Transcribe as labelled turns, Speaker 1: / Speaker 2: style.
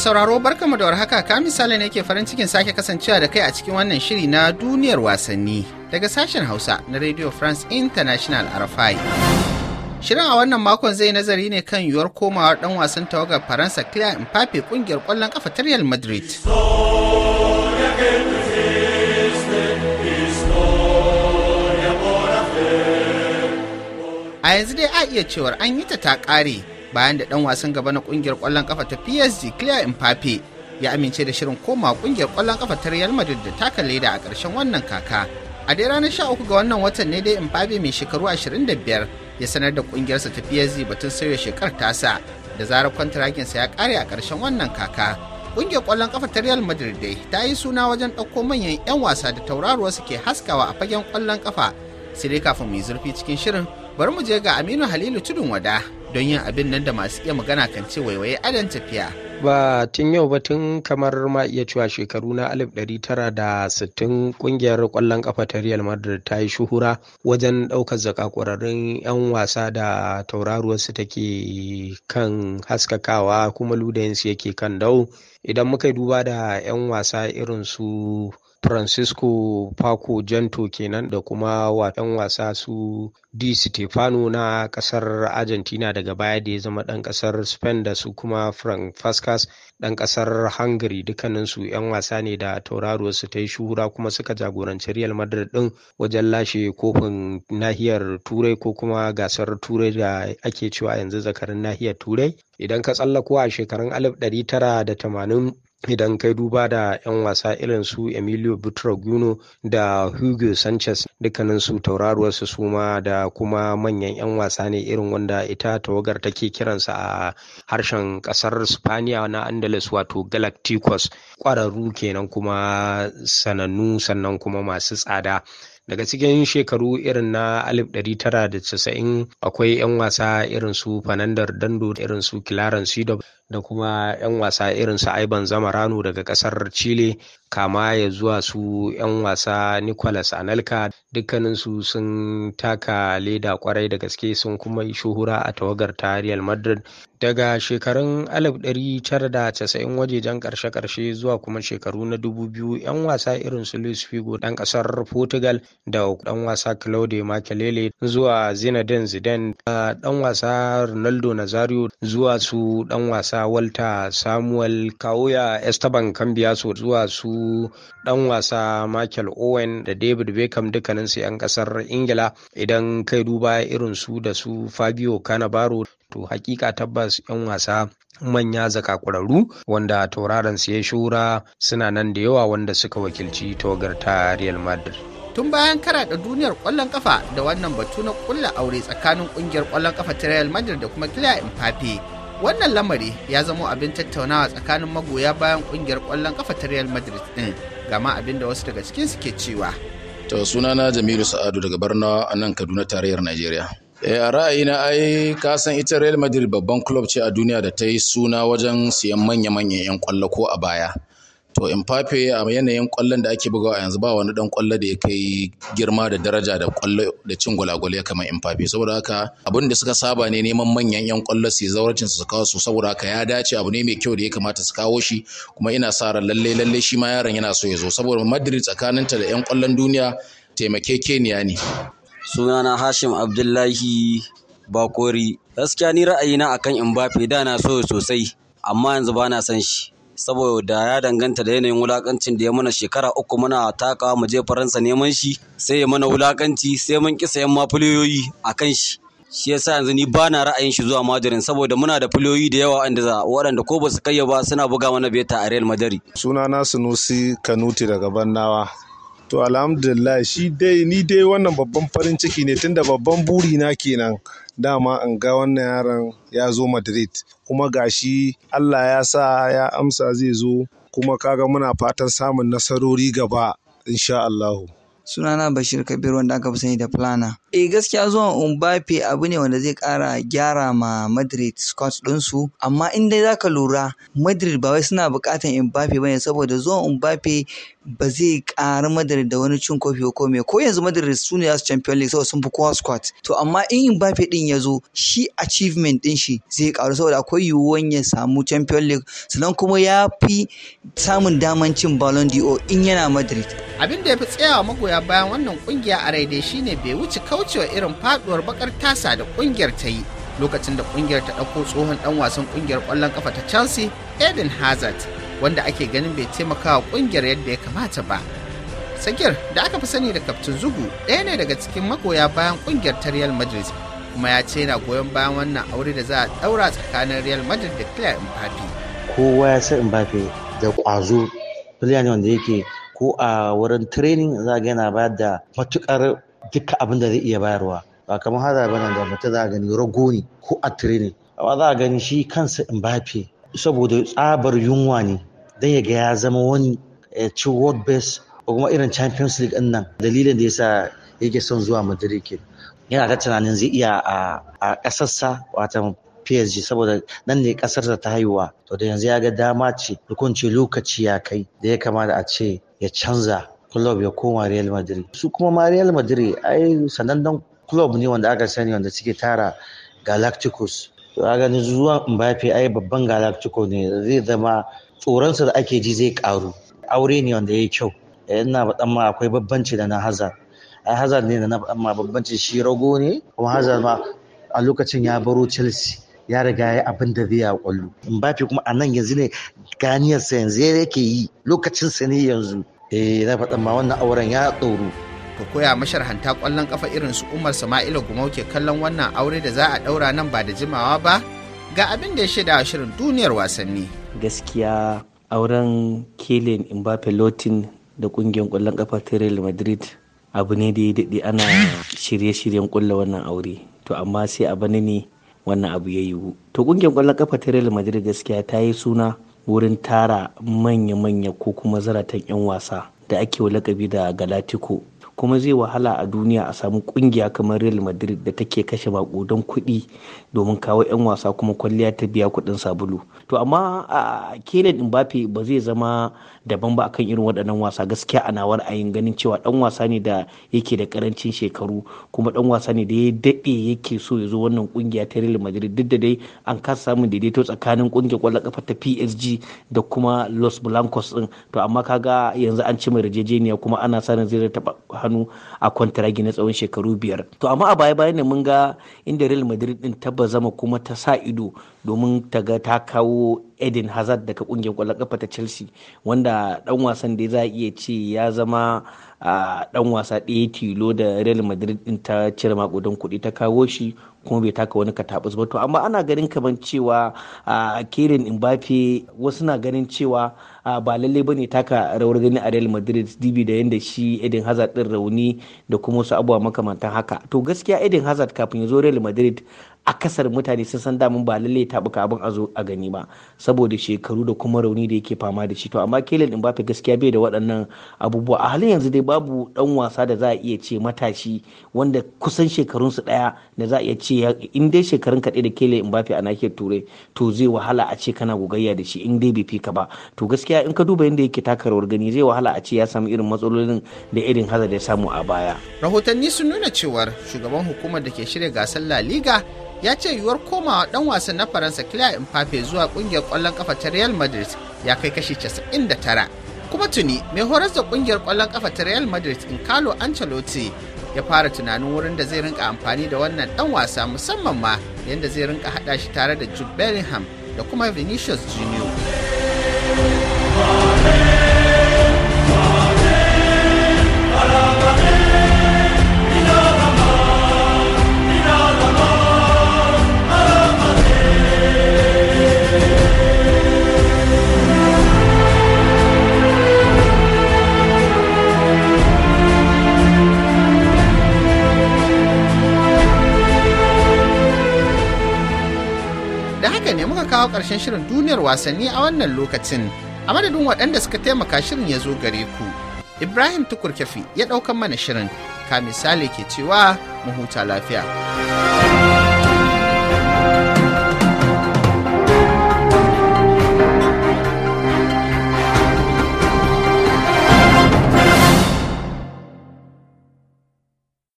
Speaker 1: sauraro barkamu da warhaka ka misali ne ke farin cikin sake kasancewa da kai a cikin wannan shiri na duniyar wasanni daga sashen Hausa na Radio France International RFI. Shirin a wannan makon zai nazari ne kan yiwuwar komawar dan wasan tawagar Faransa Kylian Mbappe kungiyar kwallon kafa ta Real Madrid. A yanzu dai a iya cewar an yi ta ta ƙare bayan da dan wasan gaba na kungiyar kwallon kafa ta PSG Clear Mbappe ya amince da shirin koma kungiyar kwallon kafa ta Real Madrid da taka leda a ƙarshen wannan kaka. A dai ranar 13 ga wannan watan ne dai Mbappe mai shekaru 25 ya sanar da kungiyarsa ta PSG batun sauya shekar ta sa, da zarar sa ya kare a ƙarshen wannan kaka. Kungiyar kwallon kafa ta Real Madrid dai ta yi suna wajen ɗauko manyan 'yan wasa da tauraruwa suke haskawa a fagen kwallon kafa. Sai dai kafin mai zurfi cikin shirin bari mu je ga Aminu Halilu Tudun Wada don yin abin nan da masu iya magana kan ce waiwaye adon tafiya.
Speaker 2: Ba tun yau ba tun kamar ma iya cewa shekaru na 1960 kungiyar kwallon kafa ta Real Madrid ta yi shuhura wajen ɗaukar zakakurarrun 'yan wasa da tauraruwarsu take kan haskakawa kuma ludayinsu yake kan dau. Idan muka duba da 'yan wasa irin su Francisco Paco Janto kenan da kuma 'yan wasa su Di Stefano na kasar Argentina daga baya da ya zama ɗan kasar Spain da su kuma Frank Fascas ɗan kasar Hungary dukkaninsu 'yan wasa ne da tauraro su ta yi shuhura kuma suka jagoranci Real Madrid ɗin wajen lashe kofin nahiyar Turai ko kuma gasar Turai da ake cewa yanzu zakarin nahiyar Turai. Idan ka tsallako a shekarun 1980 idan kai duba da 'yan wasa irin su emilio butraguno da hugo sanchez dukkaninsu tauraruwarsu su ma da kuma manyan 'yan wasa ne irin wanda ita tawagar take kiransa a harshen kasar spaniya na andalus wato galacticos kwararru kenan kuma sanannu sannan kuma masu tsada daga cikin shekaru irin na 1990 akwai 'yan wasa irin su fernando dando irin su clarence da kuma 'yan wasa irin su Ivan Zamarano daga kasar Chile kama ya zuwa su 'yan wasa Nicolas Anelka dukkaninsu sun taka leda kwarai da gaske sun kuma yi shuhura a tawagar ta Real Madrid daga shekarun 1990 wajejen karshe-karshe zuwa kuma shekaru na 2000 'yan wasa irin su Luis Figo dan kasar Portugal da dan wasa Claudio Makelele zuwa Zinedine Zidane dan wasa Ronaldo Nazario zuwa su dan wasa wasa walter samuel kawuya esteban Kambiaso zuwa su dan wasa michael owen da david beckham dukkanin su 'yan kasar ingila idan kai duba irin su da su fabio canavaro to hakika tabbas 'yan wasa manya zakakurarru wanda tauraron su ya shura suna nan da yawa wanda suka wakilci togar ta real madrid
Speaker 1: tun bayan karaɗa duniyar ƙwallon kafa da wannan batu na ƙulla aure tsakanin ƙungiyar ƙwallon kafa ta real madrid da kuma kiliya mbappe wannan lamari ya zamo abin tattaunawa tsakanin magoya bayan kungiyar kwallon kafa ta real madrid din gama abin da wasu daga cikin suke cewa to sunana jamilu sa'adu daga barna a nan kaduna tarayyar najeriya e a ra'ayina ai ka san ita real madrid babban club ce a duniya da ta yi suna wajen siyan manya-manyan 'yan kwallo ko a baya To Mbappe a yanayin kwallon da ake bugawa yanzu ba wani dan kwallo da ya kai girma da daraja da kwallo da cin gwalagwale kamar Mbappe saboda haka abin da suka saba ne neman manyan yan kwallo su zauracin su kawo su saboda haka ya dace abu ne mai kyau da ya kamata su kawo shi kuma ina sa ran lalle lalle shi ma yaron yana so ya zo saboda Madrid tsakaninta da yan ƙwallon duniya taimakekeniya ne.
Speaker 2: Sunana Hashim Abdullahi Bakori gaskiya ni ra'ayina akan Mbappe da na so sosai amma yanzu ba na son shi saboda ya danganta da yanayin wulakancin da ya mana shekara uku muna takawa mu je faransa neman shi sai ya mana wulakanci sai mun kisa yan ma filiyoyi a kan shi shi yasa yanzu ni ba na ra'ayin shi zuwa Madrid saboda muna da filiyoyi da yawa wanda za waɗanda ko ba su kayyaba ba suna buga mana beta a Real Madrid
Speaker 3: sunana Sunusi Kanuti daga Bannawa To Alhamdulillah shi dai ni dai wannan babban farin ciki ne tunda babban buri na kenan dama in ga wannan yaron ya zo Madrid kuma ga shi Allah ya sa ya amsa zai zo kuma kaga muna fatan samun nasarori gaba insha Allahu. Sunana Bashir Kabir wanda aka fi sani da Plana. Eh gaskiya zuwan Mbappe abu ne wanda zai ƙara gyara ma Madrid squad ɗinsu amma in dai zaka lura Madrid ba wai suna buƙatan Mbappe ne saboda zuwan Mbappe ba zai ƙara Madrid da wani cin kofi ko me ko yanzu Madrid su ne su champion League saboda sun fi kowa squad to amma in Mbappe din ya zo shi achievement ɗin shi zai ƙaru saboda akwai yiwuwan ya samu champion League sannan kuma ya fi samun daman cin
Speaker 1: Ballon d'Or in yana Madrid abin da ya fi tsayawa magoya bayan wannan kungiya a rai dai shine bai wuce kawai kaucewa irin faduwar bakar tasa da kungiyar ta yi lokacin da kungiyar ta ɗauko tsohon ɗan wasan kungiyar kwallon kafa ta Chelsea Eden Hazard wanda ake ganin bai taimakawa kungiyar yadda ya kamata ba. Sakir da aka fi sani da kaftin Zugu ɗaya ne daga cikin magoya bayan kungiyar ta Real Madrid kuma ya ce yana goyon bayan wannan aure da za a daura tsakanin Real Madrid da Kylian Mbappe.
Speaker 4: Kowa ya san Mbappe da ƙwazo, ne wanda yake ko a wurin training za ga yana bayar da matukar duka abin da zai iya bayarwa ba kamar haza bana da mutum za a gani rago ne ko atire ne amma za a gani shi kansa in bafe saboda tsabar yunwa ne dan ya ga ya zama wani eh, ci world best ko kuma irin champions league din nan dalilin da yasa yake son zuwa madrid ke yana ta tunanin zai iya a kasarsa wata PSG saboda nan ne ƙasarsa ta haihuwa to da yanzu ya ga dama ce hukunci lokaci ya kai da ya kamata a ce ya canza club ya koma Real Madrid su kuma ma Real Madrid ai sanannen club ne wanda aka sani wanda suke tara Galacticos a ganin zuwa Mbappe ai babban Galactico ne zai zama tsoronsa da ake ji zai karu aure ne wanda ya yi kyau eh, ina faɗan ma akwai babbanci da na Hazard ai Hazard ne da na faɗan ma babbanci shi rago ne kuma Hazard ma a lokacin ya baro Chelsea ya riga ya abin da zai ya kwallo Mbappe kuma a nan yanzu ne ganiyarsa yanzu yake yi lokacinsa ne yanzu eh na faɗa ma wannan auren ya tsoro
Speaker 1: ka koya masharhanta ƙwallon kafa irin su Umar Sama'ila Gumau ke kallon wannan aure da za a ɗaura nan ba da jimawa ba ga abin da ya shaida a shirin duniyar wasanni.
Speaker 3: Gaskiya auren Kylian Mbappe Lotin da ƙungiyar ƙwallon kafa ta Real Madrid abu ne da ya daɗe ana shirye-shiryen ƙulla wannan aure to amma sai a bane ne wannan abu ya yiwu to ƙungiyar ƙwallon kafa ta Real Madrid gaskiya ta yi suna wurin tara manya-manya ko kuma zaratan 'yan wasa da ake wa lakabi da Galatiko. kuma zai wahala a duniya a samu kungiya kamar real madrid da take kashe don kuɗi domin kawo 'yan wasa kuma kwalliya ta biya kuɗin sabulu to amma a kelen mbappe ba zai zama daban ba akan irin waɗannan wasa gaskiya a yin ra'ayin ganin cewa ɗan wasa ne da yake da karancin shekaru kuma ɗan wasa ne da ya daɗe yake so ya zo wannan kungiya ta real madrid duk da dai an kasa samun daidaito tsakanin kungiyar kwallon kafa ta psg da kuma los blancos din to amma kaga yanzu an ci mai yarjejeniya kuma ana sa zai taɓa hannu a kwantaragi na tsawon shekaru biyar to amma a baya bayan mun ga inda real madrid din ta bazama kuma ta sa ido domin ta ga ta kawo Eden Hazard daga kungiyar kwallon kafa ta Chelsea wanda dan wasan da za a iya ce ya zama dan wasa ɗaya tilo da Real Madrid din ta cire makudan kuɗi ta kawo shi kuma bai taka wani katabus ba to amma ana ganin kaman cewa Kylian Mbappe wasu na ganin cewa ba lallai bane taka rawar gani a Real Madrid dibi da yanda shi Eden Hazard din rauni da kuma wasu abubuwa makamantan haka to gaskiya Eden Hazard kafin ya zo Real Madrid a akasar mutane sun san damun ba lalle ta buka abin a zo a gani ba saboda shekaru da kuma rauni da yake fama da shi to amma ba Mbappe gaskiya bai da waɗannan abubuwa a halin yanzu dai babu dan wasa da za a iya ce matashi wanda kusan shekarun su daya da za a iya ce in dai shekarun kaɗai da Kylian Mbappe a nahiyar Turai to zai wahala a ce kana gogayya da shi in dai bai fika ba to gaskiya in ka duba yadda yake taka rawar gani
Speaker 1: zai wahala a ce ya samu irin matsalolin da irin haza hazard ya samu a baya rahotanni sun nuna cewar shugaban hukumar da ke shirya gasar La Liga ya ce yiwuwar komawa dan wasan na faransa Kylian Mbappe zuwa kungiyar kwallon kafa ta Real Madrid ya kai kashi 99 kuma tuni mai horar da kungiyar kwallon kafa ta Real Madrid in Carlo Ancelotti ya fara tunanin wurin da zai rinka amfani da wannan dan wasa musamman ma yadda zai rinka hada shi tare da Jude Bellingham da kuma Vinicius Junior. kawo ƙarshen shirin duniyar wasanni a wannan lokacin a madadin waɗanda suka taimaka shirin ya zo gare ku ibrahim tukurkefi ya ɗaukan mana shirin ka misali ke cewa mu huta lafiya